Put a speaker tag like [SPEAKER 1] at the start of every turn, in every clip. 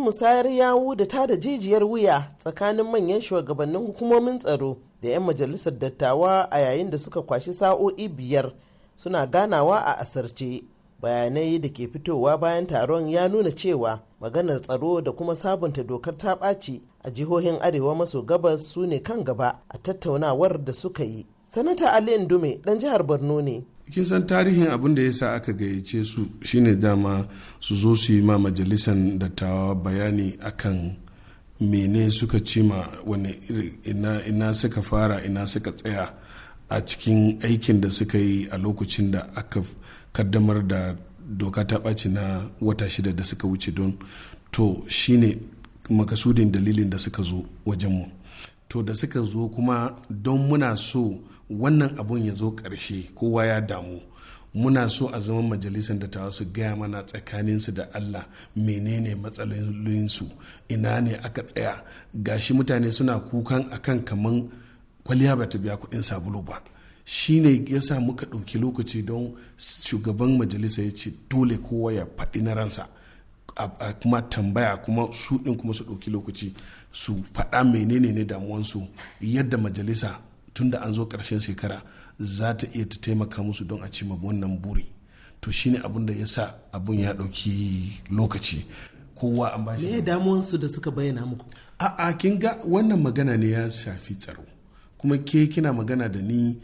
[SPEAKER 1] musayar yawu da tada jijiyar wuya tsakanin manyan shugabannin hukumomin tsaro da 'yan majalisar dattawa a yayin da suka kwashi sa'o'i biyar suna ganawa a asarce bayanai da ke fitowa bayan taron ya nuna cewa maganar tsaro da kuma sabunta dokar ta ɓaci a jihohin arewa maso gabas su ne kan gaba a tattaunawar da suka yi sanata ali indume ɗan jihar borno ne kin san
[SPEAKER 2] tarihin abin da ya sa aka gayyace su shine dama su zo su yi ma majalisar dattawa bayani akan mene suka cima wani ina, ina suka fara ina suka tsaya a cikin aikin da suka yi a lokacin da aka kaddamar da doka ta ɓaci na wata shida da suka wuce don to shine makasudin dalilin da suka zo wajenmu to da suka zo kuma don muna so wannan abun ya zo ƙarshe kowa ya damu muna so a zama majalisar ta su gaya mana tsakaninsu da Allah menene matsalolinsu ina ne aka tsaya gashi mutane suna kukan akan kaman kwaliya ta biya kuɗin sabulu ba shi ne ya sa muka ɗauki lokaci don shugaban majalisa ya ce dole kowa ya faɗi na ransa a kuma tambaya kuma su ɗin kuma su ɗauki lokaci su faɗa menene ne damuwansu yadda majalisa tun da an zo ƙarshen shekara za ta iya ta taimaka musu don a cima wannan buri to shine abin da ya sa abin ya ɗauki lokaci kowa an ba shi me damuwansu da suka bayyana muku a'a kin ga wannan magana ne ya shafi tsaro kuma ke kina magana da ni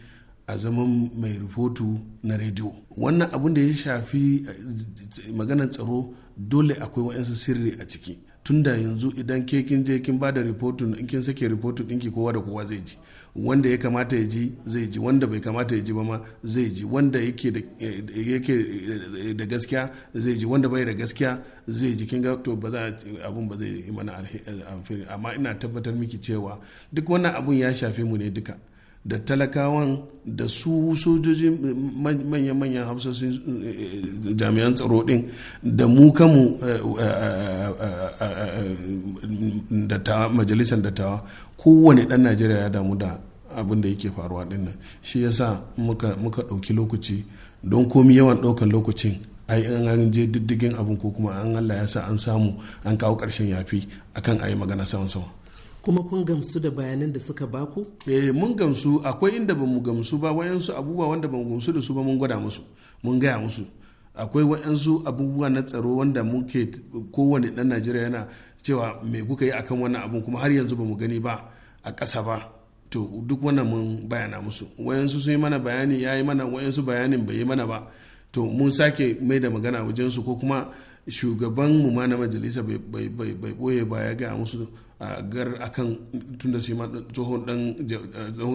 [SPEAKER 2] a zaman mai rahoto na rediyo wannan abin da ya shafi eh, maganar tsaro dole akwai wa'yansu sirri a ciki tunda yanzu idan ke kin je kin ba da rahoto in kin sake rahoto ɗinki kowa da kowa zai ji wanda ya kamata ya ji zai ji wanda bai kamata ya ji ba ma zai ji wanda yake da eh, eh, gaskiya zai ji wanda bai da gaskiya zai ji kin to ba za abun ba zai yi mana eh, amfani amma ina tabbatar miki cewa duk wannan abun ya shafe mu ne duka da talakawan da su sojoji manya-manyan hafsoshin eh, eh, jami'an tsaro din da mu kamu eh, majalisar dattawa kowane dan najeriya ya damu da abin da yake faruwa dinnan shi yasa muka ɗauki lokaci don komi yawan ɗaukan lokacin ai an an je diddigin abin ko kuma an allah ya sa an samu an kawo ƙarshen yafi akan a yi magana sama-sama
[SPEAKER 1] kuma kun gamsu da bayanan da suka baku?
[SPEAKER 2] eh mun gamsu akwai inda ba mu gamsu ba wayansu abubuwa wanda ba mu gamsu da su ba mun gwada musu mun gaya musu akwai wayansu abubuwa na tsaro wanda muke kowane dan najeriya yana cewa me kuka yi akan wannan abun kuma har yanzu ba mu gani ba a ƙasa ba to duk wannan mun bayana musu wayansu sun yi mana bayani ya yi mana wayansu bayanin bai yi mana ba to mun sake mai da magana wajen su ko kuma shugaban mu ma na majalisa bai boye ba ya ga musu a gar akan tunda shi ma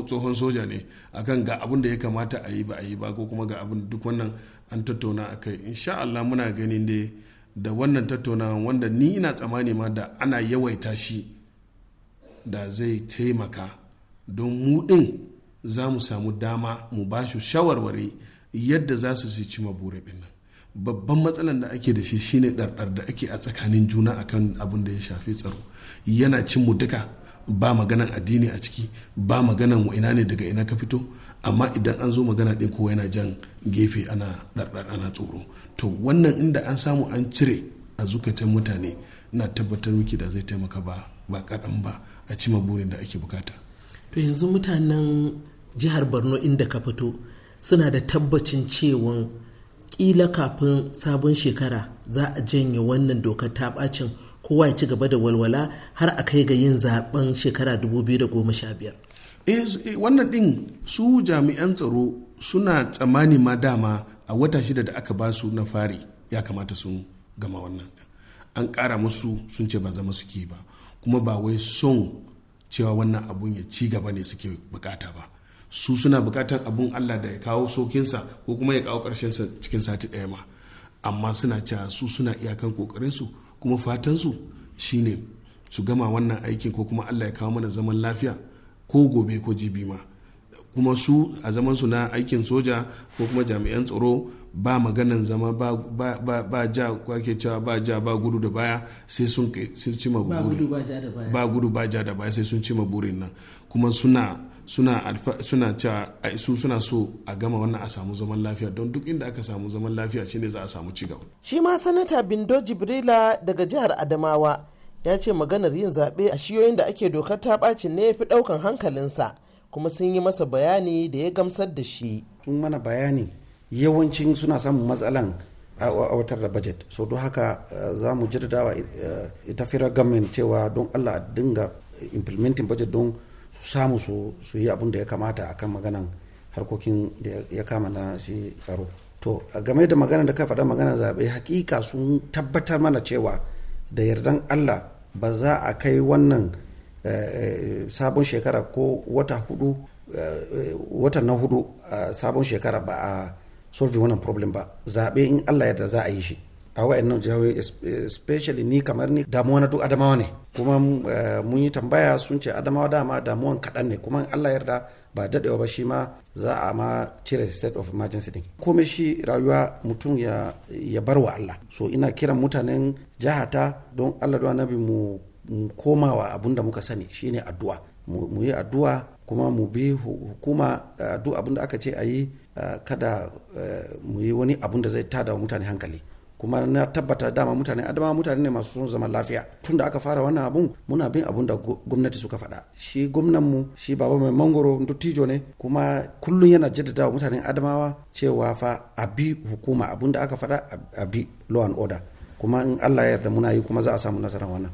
[SPEAKER 2] tsohon soja ne akan ga abin da ya kamata a yi ba a yi ba ko kuma ga abin duk wannan an tattauna akai insha Allah muna ganin dai da wannan tattaunawa wanda ni ina tsammani ma da ana yawaita shi da zai taimaka don mu din za mu samu dama mu ba shawarwari yadda za su ci cima bure din nan babban matsalar da ake da shi shine ɗarɗar da ake a tsakanin juna akan abin da ya shafi tsaro yana cin mu duka ba maganan addini a ciki ba maganan ina ne daga ina ka fito amma idan an zo magana ɗin kowa yana jan gefe ana ɗarɗar ana tsoro to wannan inda an samu an cire a zukatan mutane
[SPEAKER 1] na tabbatar miki da zai taimaka ba ba kaɗan ba a cima burin da ake bukata to yanzu mutanen jihar borno inda ka fito suna da tabbacin cewa kila kafin sabon shekara za a janye wannan dokar ta bacin kowa ya ci gaba da walwala har a kai ga yin zaben shekara 2015 eh, eh, wannan din su jami'an tsaro suna tsammani ma dama
[SPEAKER 2] a wata shida da aka basu na fari ya kamata sun gama wannan an kara musu sun ce ba zama suke ba kuma ba wai son cewa wannan abun ya ci gaba ne suke bukata ba su suna bukatar abun Allah da ya kawo sokinsa ko kuma ya kawo sa cikin sati ɗaya ma amma suna cewa su suna iyakan ƙoƙarinsu kuma fatansu shine su gama wannan aikin ko kuma Allah ya kawo mana zaman lafiya ko gobe ko jibi ma kuma su a zaman su na aikin soja ko kuma jami'an tsaro ba maganan zama ba, ja kwake cewa ba ja ba gudu da baya sai sun cima burin ba gudu ba ja da baya sai sun cima burin nan kuma suna suna alfa, suna cewa su suna so a gama wannan a samu zaman lafiya don duk inda aka samu zaman lafiya shine za a samu cigaba
[SPEAKER 1] shi ma sanata bindo jibrila daga jihar adamawa ya ce maganar yin zaɓe a shiyoyin da ake dokar ta ɓacin ne ya fi ɗaukan hankalinsa
[SPEAKER 3] kuma sun yi masa bayani da ya gamsar da shi sun mana bayani yawancin suna samun matsalan watar da budget so don haka eh, za mu jirdawa eh, ita fira gamin cewa don allah a dinga implementing budget don su samu su yi abin da ya kamata akan maganan harkokin da ya kama na shi tsaro to game da magana da ka faɗa magana zaɓe hakika sun tabbatar mana cewa da yardan allah ba za a kai wannan sabon shekara ko wata hudu eh, watan na hudu sabon shekara ba a solve wannan problem ba zaɓe in allah yadda za a yi shi a wa'annan jihohi especially ni kamar ni damuwa na duk adamawa ne kuma eh, mun yi tambaya sun ce adamawa dama damuwan kaɗan ne kuma allah yarda ba daɗewa ba shi ma za a ma cire state of emergency din Kome shi rayuwa mutum ya, bar wa allah so ina kiran mutanen jihata don allah da nabi mu komawa abin da muka sani shine addu'a mu yi addu'a kuma mu bi hukuma eh, duk abin da aka ce a yi eh, kada eh, mu yi wani abin da zai tada mutane hankali kuma na tabbata dama mutane adama mutane ne masu son zaman lafiya tun da aka fara wannan abun muna bin abun da gwamnati suka faɗa shi gwamnan mu shi baba mai mangoro dottijo ne kuma kullum yana jaddada wa mutanen adamawa cewa fa a bi hukuma abun da aka faɗa a bi law and order kuma in Allah ya yarda muna yi kuma za a samu nasarar wannan